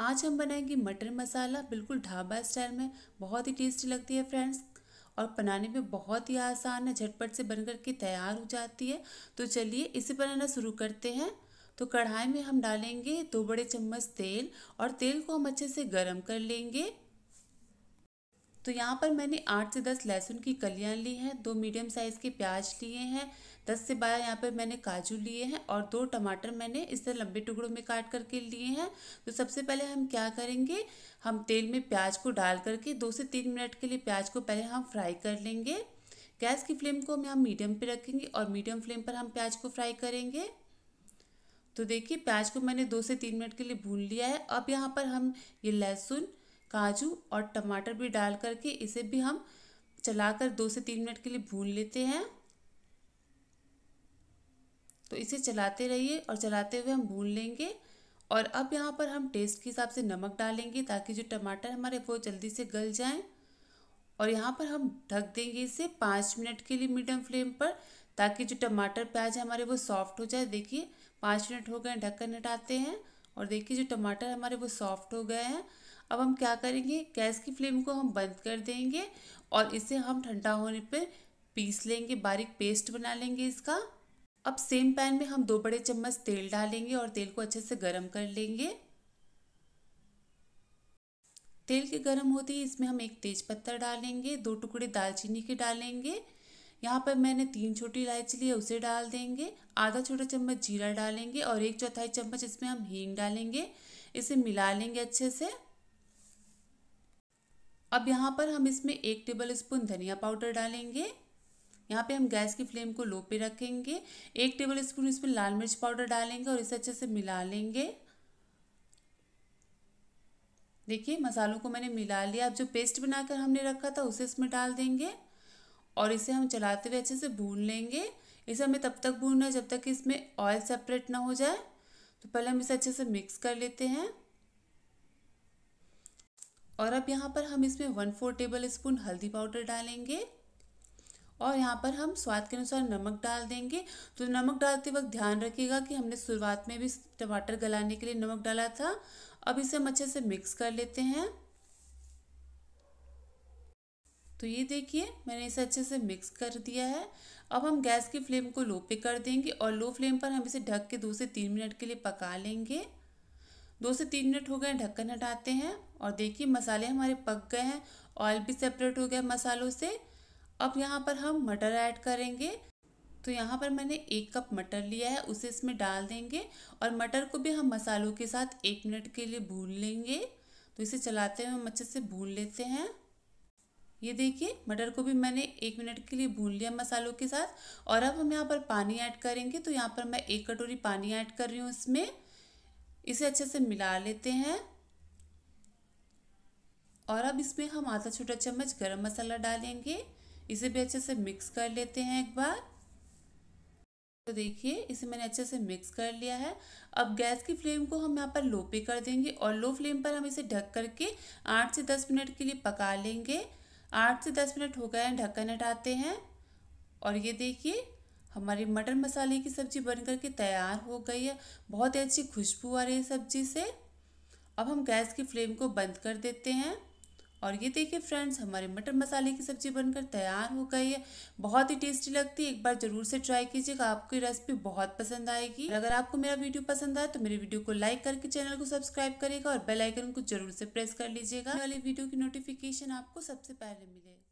आज हम बनाएंगे मटर मसाला बिल्कुल ढाबा स्टाइल में बहुत ही टेस्टी लगती है फ्रेंड्स और बनाने में बहुत ही आसान है झटपट से बनकर के तैयार हो जाती है तो चलिए इसे बनाना शुरू करते हैं तो कढ़ाई में हम डालेंगे दो बड़े चम्मच तेल और तेल को हम अच्छे से गर्म कर लेंगे तो यहाँ पर मैंने आठ से दस लहसुन की कलियाँ ली हैं दो मीडियम साइज़ के प्याज लिए हैं दस से बारह यहाँ पर मैंने काजू लिए हैं और दो टमाटर मैंने इस तरह लंबे टुकड़ों में काट करके लिए हैं तो सबसे पहले हम क्या करेंगे हम तेल में प्याज को डाल करके दो से तीन मिनट के लिए प्याज को पहले हम फ्राई कर लेंगे गैस की फ्लेम को हम यहाँ मीडियम पर रखेंगे और मीडियम फ्लेम पर हम प्याज को फ्राई करेंगे तो देखिए प्याज को मैंने दो से तीन मिनट के लिए भून लिया है अब यहाँ पर हम ये लहसुन काजू और टमाटर भी डाल करके इसे भी हम चलाकर दो से तीन मिनट के लिए भून लेते हैं तो इसे चलाते रहिए और चलाते हुए हम भून लेंगे और अब यहाँ पर हम टेस्ट के हिसाब से नमक डालेंगे ताकि जो टमाटर हमारे वो जल्दी से गल जाएं और यहाँ पर हम ढक देंगे इसे पाँच मिनट के लिए मीडियम फ्लेम पर ताकि जो टमाटर प्याज हमारे वो सॉफ्ट हो जाए देखिए पाँच मिनट हो गए ढक्कन हटाते हैं और देखिए जो टमाटर हमारे वो सॉफ्ट हो गए हैं अब हम क्या करेंगे गैस की फ्लेम को हम बंद कर देंगे और इसे हम ठंडा होने पर पीस लेंगे बारीक पेस्ट बना लेंगे इसका अब सेम पैन में हम दो बड़े चम्मच तेल डालेंगे और तेल को अच्छे से गर्म कर लेंगे तेल के गर्म होते ही इसमें हम एक तेज पत्ता डालेंगे दो टुकड़े दालचीनी के डालेंगे यहाँ पर मैंने तीन छोटी इलायची ली है उसे डाल देंगे आधा छोटा चम्मच जीरा डालेंगे और एक चौथाई चम्मच इसमें हम हींग डालेंगे इसे मिला लेंगे अच्छे से अब यहाँ पर हम इसमें एक टेबल स्पून धनिया पाउडर डालेंगे यहाँ पे हम गैस की फ्लेम को लो पे रखेंगे एक टेबल स्पून इसमें लाल मिर्च पाउडर डालेंगे और इसे अच्छे से मिला लेंगे देखिए मसालों को मैंने मिला लिया अब जो पेस्ट बनाकर हमने रखा था उसे इसमें डाल देंगे और इसे हम चलाते हुए अच्छे से भून लेंगे इसे हमें तब तक भूनना है जब तक इसमें ऑयल सेपरेट ना हो जाए तो पहले हम इसे अच्छे से मिक्स कर लेते हैं और अब यहाँ पर हम इसमें वन फोर टेबल स्पून हल्दी पाउडर डालेंगे और यहाँ पर हम स्वाद के अनुसार नमक डाल देंगे तो नमक डालते वक्त ध्यान रखिएगा कि हमने शुरुआत में भी टमाटर गलाने के लिए नमक डाला था अब इसे हम अच्छे से मिक्स कर लेते हैं तो ये देखिए मैंने इसे अच्छे से मिक्स कर दिया है अब हम गैस की फ्लेम को लो पे कर देंगे और लो फ्लेम पर हम इसे ढक के दो से तीन मिनट के लिए पका लेंगे दो से तीन मिनट हो गए ढक्कन हटाते हैं और देखिए मसाले हमारे पक गए हैं ऑयल भी सेपरेट हो गया मसालों से अब यहाँ पर हम मटर ऐड करेंगे तो यहाँ पर मैंने एक कप मटर लिया है उसे इसमें डाल देंगे और मटर को भी हम मसालों के साथ एक मिनट के लिए भून लेंगे तो इसे चलाते हुए हम अच्छे से भून लेते हैं ये देखिए मटर को भी मैंने एक मिनट के लिए भून लिया मसालों के साथ और अब हम यहाँ पर पानी ऐड करेंगे तो यहाँ पर मैं एक कटोरी पानी ऐड कर रही हूँ इसमें इसे अच्छे से मिला लेते हैं और अब इसमें हम आधा छोटा चम्मच गरम मसाला डालेंगे इसे भी अच्छे से मिक्स कर लेते हैं एक बार तो देखिए इसे मैंने अच्छे से मिक्स कर लिया है अब गैस की फ्लेम को हम यहाँ पर लो पे कर देंगे और लो फ्लेम पर हम इसे ढक करके आठ से दस मिनट के लिए पका लेंगे आठ से दस मिनट हो गए हैं ढक्कन हटाते हैं और ये देखिए हमारी मटर मसाले की सब्ज़ी बनकर के तैयार हो गई है बहुत ही अच्छी खुशबू आ रही है सब्ज़ी से अब हम गैस की फ्लेम को बंद कर देते हैं और ये देखिए फ्रेंड्स हमारे मटर मसाले की सब्ज़ी बनकर तैयार हो गई है बहुत ही टेस्टी लगती है एक बार ज़रूर से ट्राई कीजिएगा आपकी रेसिपी बहुत पसंद आएगी अगर आपको मेरा वीडियो पसंद आए तो मेरे वीडियो को लाइक करके चैनल को सब्सक्राइब करेगा और बेलाइकन को जरूर से प्रेस कर लीजिएगा वाली वीडियो की नोटिफिकेशन आपको सबसे पहले मिलेगा